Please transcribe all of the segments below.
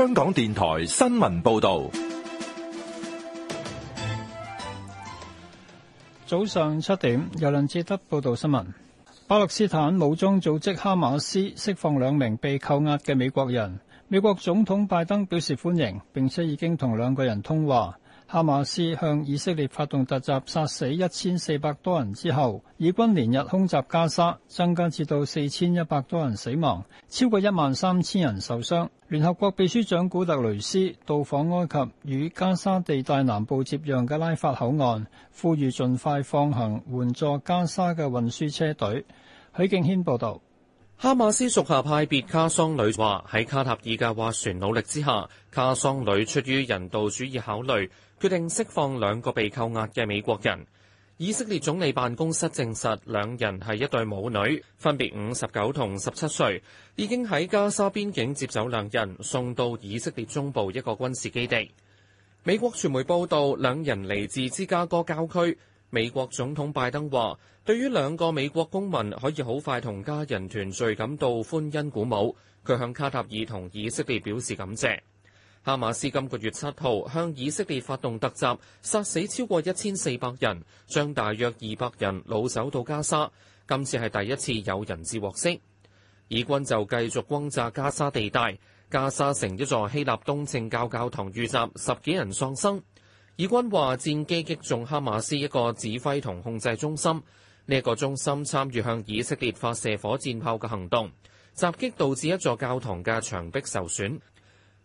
香港電台新聞報道，早上七點，由林志德報道新聞：巴勒斯坦武裝組織哈馬斯釋放兩名被扣押嘅美國人，美國總統拜登表示歡迎，並且已經同兩個人通話。哈馬斯向以色列發動突襲，殺死一千四百多人之後，以軍連日空襲加沙，增加至到四千一百多人死亡，超過一萬三千人受傷。聯合國秘書長古特雷斯到訪埃及與加沙地帶南部接壤嘅拉法口岸，呼籲盡快放行援助加沙嘅運輸車隊。許敬軒報道。哈馬斯屬下派別卡桑旅話，喺卡塔爾嘅斡旋努力之下，卡桑旅出於人道主義考慮，決定釋放兩個被扣押嘅美國人。以色列總理辦公室證實，兩人係一對母女，分別五十九同十七歲，已經喺加沙邊境接走兩人，送到以色列中部一個軍事基地。美國傳媒報道，兩人嚟自芝加哥郊區。美國總統拜登話，對於兩個美國公民可以好快同家人團聚感到歡欣鼓舞，佢向卡塔爾同以色列表示感謝。哈馬斯今個月七號向以色列發動突襲，殺死超過一千四百人，將大約二百人擄走到加沙。今次係第一次有人質獲釋，以軍就繼續轟炸加沙地帶。加沙城一座希臘東正教教堂遇襲，十幾人喪生。以軍話戰機擊中哈馬斯一個指揮同控制中心，呢、這、一個中心參與向以色列發射火箭炮嘅行動。襲擊導致一座教堂嘅牆壁受損。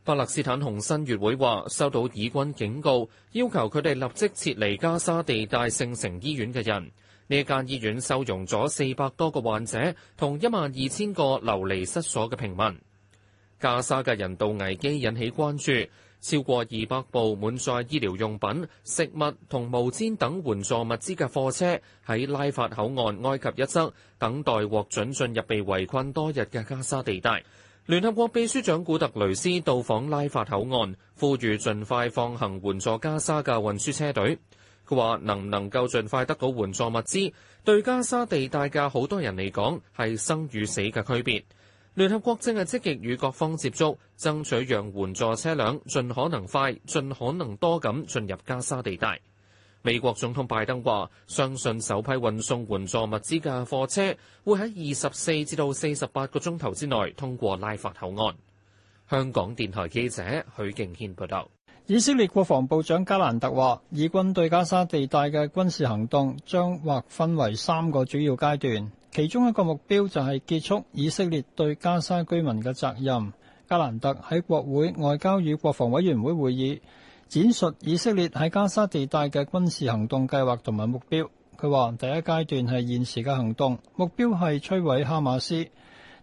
巴勒斯坦紅新月會話收到以軍警告，要求佢哋立即撤離加沙地帶聖城醫院嘅人。呢、這、間、個、醫院收容咗四百多個患者同一萬二千個流離失所嘅平民。加沙嘅人道危機引起關注。超過二百部滿載醫療用品、食物同毛毯等援助物資嘅貨車喺拉法口岸埃及一側等待獲准進入被圍困多日嘅加沙地帶。聯合國秘書長古特雷斯到訪拉法口岸，呼籲盡快放行援助加沙嘅運輸車隊。佢話：能唔能夠盡快得到援助物資，對加沙地帶嘅好多人嚟講係生與死嘅區別。聯合國正係積極與各方接觸，爭取讓援助車輛盡可能快、盡可能多咁進入加沙地帶。美國總統拜登話：相信首批運送援助物資嘅貨車會喺二十四至到四十八個鐘頭之內通過拉法口岸。香港電台記者許敬軒報導。以色列國防部長加蘭特話：以軍對加沙地帶嘅軍事行動將劃分為三個主要階段。其中一個目標就係結束以色列對加沙居民嘅責任。加蘭特喺國會外交與國防委員會會議展述以色列喺加沙地帶嘅軍事行動計劃同埋目標。佢話第一階段係現時嘅行動，目標係摧毀哈馬斯；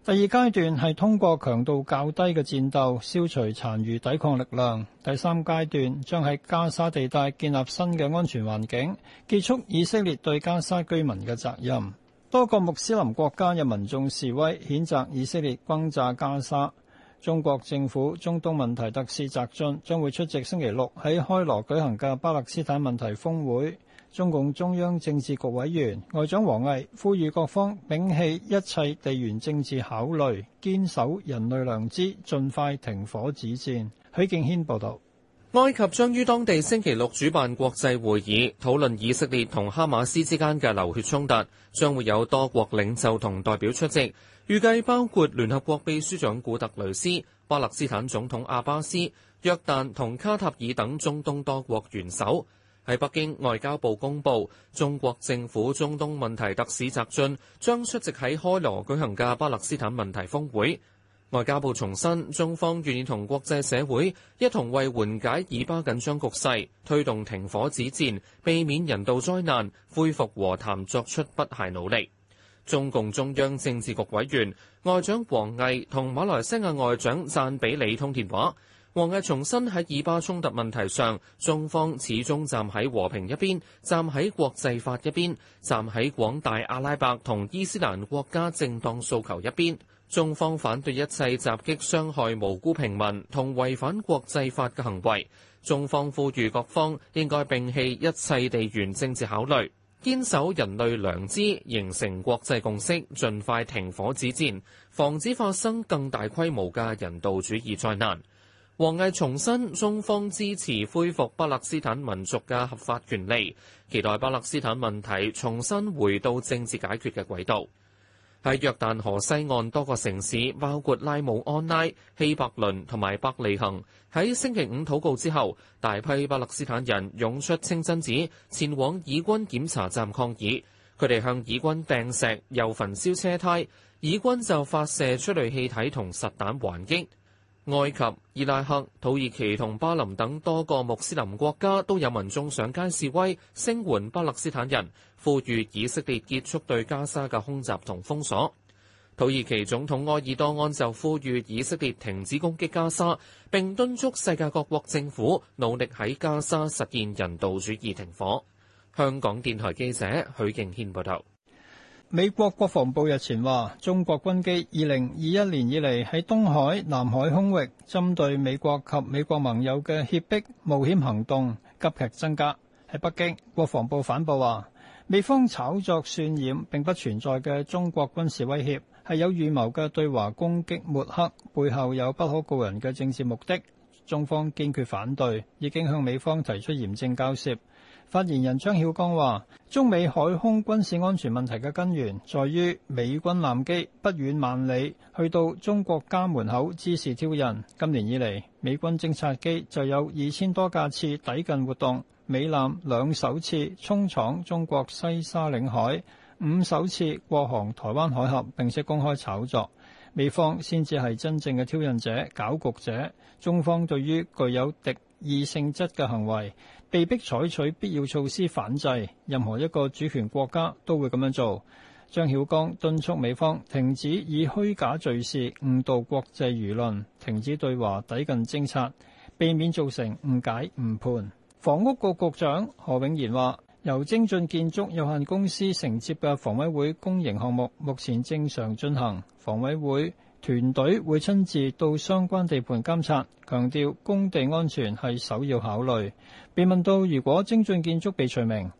第二階段係通過強度較低嘅戰鬥消除殘餘抵抗力量；第三階段將喺加沙地帶建立新嘅安全環境，結束以色列對加沙居民嘅責任。多個穆斯林國家嘅民眾示威，譴責以色列轟炸加沙。中國政府中東問題特使翟隽將會出席星期六喺開羅舉行嘅巴勒斯坦問題峰會。中共中央政治局委員外長王毅呼籲各方摒棄一切地緣政治考慮，堅守人類良知，盡快停火止戰。許敬軒報道。埃及將於當地星期六主辦國際會議，討論以色列同哈馬斯之間嘅流血衝突，將會有多國領袖同代表出席，預計包括聯合國秘書長古特雷斯、巴勒斯坦總統阿巴斯、約旦同卡塔爾等中東多國元首。喺北京外交部公佈，中國政府中東問題特使翟俊將出席喺開羅舉行嘅巴勒斯坦問題峰會。外交部重申，中方願意同國際社會一同為緩解以巴緊張局勢，推動停火止戰，避免人道災難，恢復和談作出不懈努力。中共中央政治局委員外長王毅同馬來西亞外長贊比里通電話，王毅重申喺以巴衝突問題上，中方始終站喺和平一邊，站喺國際法一邊，站喺廣大阿拉伯同伊斯蘭國家正當訴求一邊。中方反對一切襲擊、傷害無辜平民同違反國際法嘅行為。中方呼籲各方應該摒棄一切地緣政治考慮，堅守人類良知，形成國際共識，盡快停火止戰，防止發生更大規模嘅人道主義災難。王毅重申，中方支持恢復巴勒斯坦民族嘅合法權利，期待巴勒斯坦問題重新回到政治解決嘅軌道。喺約旦河西岸多個城市，包括拉姆安拉、希伯倫同埋伯利恆，喺星期五禱告之後，大批巴勒斯坦人湧出清真寺，前往以軍檢查站抗議。佢哋向以軍掟石，又焚燒車胎，以軍就發射催淚氣體同實彈還擊。埃及、伊拉克、土耳其同巴林等多個穆斯林國家都有民眾上街示威，聲援巴勒斯坦人，呼籲以色列結束對加沙嘅空襲同封鎖。土耳其總統埃爾多安就呼籲以色列停止攻擊加沙，並敦促世界各國政府努力喺加沙實現人道主義停火。香港電台記者許敬軒報道。美國國防部日前話，中國軍機二零二一年以嚟喺東海、南海空域針對美國及美國盟友嘅脅迫冒險行動急劇增加。喺北京，國防部反駁話，美方炒作渲染並不存在嘅中國軍事威脅，係有預謀嘅對華攻擊抹黑，背後有不可告人嘅政治目的。中方堅決反對，已經向美方提出嚴正交涉。發言人張曉剛話，中美海空軍事安全問題嘅根源，在於美軍艦機不遠萬里去到中國家門口滋事挑釁，今年以嚟，美軍偵察機就有二千多架次抵近活動，美艦兩首次衝闖中國西沙領海，五首次過航台灣海峽，並且公開炒作。美方先至係真正嘅挑釁者、搞局者。中方對於具有敵意性質嘅行為，被迫採取必要措施反制，任何一個主權國家都會咁樣做。張曉光敦促美方停止以虛假敘事誤導國際輿論，停止對華抵近偵察，避免造成誤解誤判。房屋局局長何永賢話。由精進建築有限公司承接嘅房委會公營項目，目前正常進行。房委會團隊會親自到相關地盤監察，強調工地安全係首要考慮。被問到如果精進建築被除名，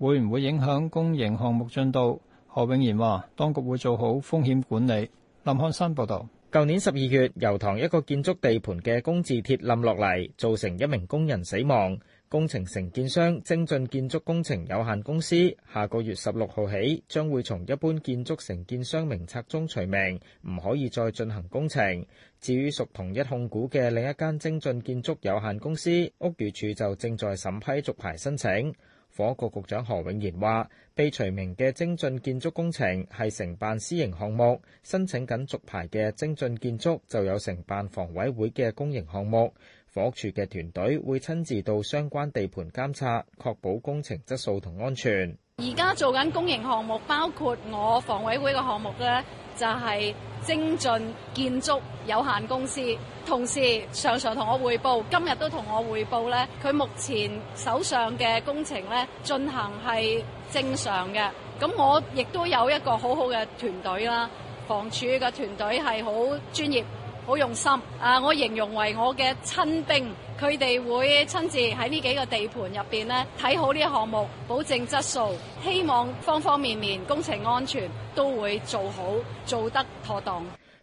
會唔會影響公營項目進度？何永賢話：當局會做好風險管理。林漢山報導。舊年十二月，油塘一個建築地盤嘅工字鐵冧落嚟，造成一名工人死亡。工程承建商精進建築工程有限公司下個月十六號起，將會從一般建築承建商名冊中除名，唔可以再進行工程。至於屬同一控股嘅另一間精進建築有限公司，屋宇署就正在審批續牌申請。房局局長何永賢話，被除名嘅精進建築工程係承辦私營項目，申請緊續牌嘅精進建築就有承辦房委會嘅公營項目。房署嘅團隊會親自到相關地盤監測，確保工程質素同安全。而家做緊公營項目，包括我房委會嘅項目咧，就係、是、精進建築有限公司。同時常常同我匯報，今日都同我匯報咧，佢目前手上嘅工程咧進行係正常嘅。咁我亦都有一個很好好嘅團隊啦，房署嘅團隊係好專業。好用心啊！我形容為我嘅親兵，佢哋會親自喺呢幾個地盤入邊咧睇好呢個項目，保證質素，希望方方面面工程安全都會做好，做得妥當。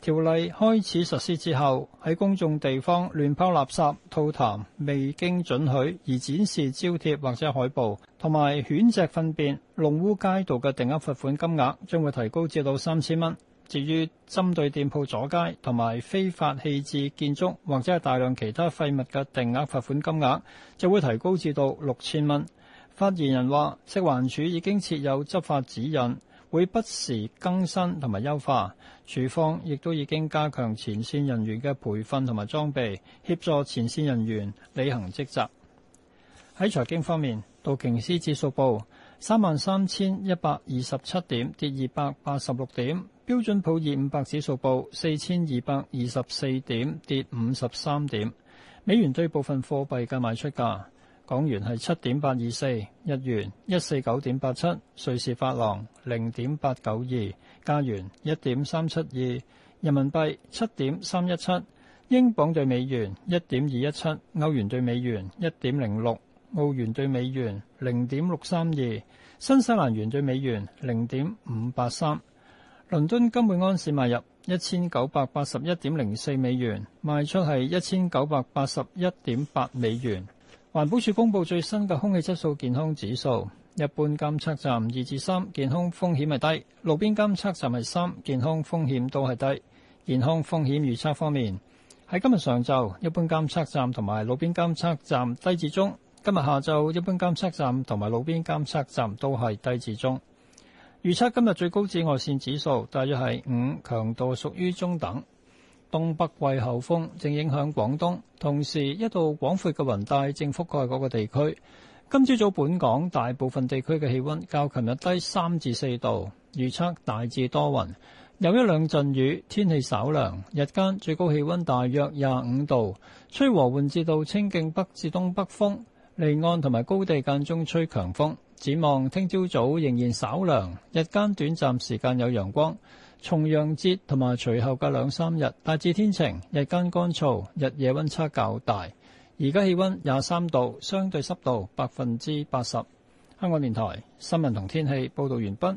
條例開始實施之後，喺公眾地方亂拋垃圾、吐痰、未經准許而展示招貼或者海報，同埋犬隻糞便弄污街道嘅定額罰款金額，將會提高至到三千蚊。至於針對店鋪阻街同埋非法棄置建築或者係大量其他廢物嘅定額罰款金額，就會提高至到六千蚊。發言人話，食環署已經設有執法指引。會不時更新同埋優化，處方亦都已經加強前線人員嘅培訓同埋裝備，協助前線人員履行職責。喺財經方面，道瓊斯指數報三萬三千一百二十七點，跌二百八十六點；標準普爾五百指數報四千二百二十四點，跌五十三點。美元對部分貨幣嘅賣出價。港元係七點八二四，日元一四九點八七，瑞士法郎零點八九二，加元一點三七二，人民幣七點三一七，英鎊對美元一點二一七，歐元對美元一點零六，澳元對美元零點六三二，新西蘭元對美元零點五八三。倫敦金每盎司買入一千九百八十一點零四美元，賣出係一千九百八十一點八美元。環保署公布最新嘅空氣質素健康指數，一般監測站二至三，健康風險係低；路邊監測站係三，健康風險都係低。健康風險預測方面，喺今日上晝，一般監測站同埋路邊監測站低至中；今日下晝，一般監測站同埋路邊監測站都係低至中。預測今日最高紫外線指數大約係五，強度屬於中等。東北季候風正影響廣東，同時一道廣闊嘅雲帶正覆蓋嗰個地區。今朝早本港大部分地區嘅氣溫較琴日低三至四度，預測大致多雲，有一兩陣雨，天氣稍涼，日間最高氣溫大約廿五度，吹和緩至到清勁北至東北風，離岸同埋高地間中吹強風。展望聽朝早仍然稍涼，日間短暫時間有陽光。重陽節同埋隨後嘅兩三日大致天晴，日間乾燥，日夜溫差較大。而家氣溫廿三度，相對濕度百分之八十。香港電台新聞同天氣報道完畢。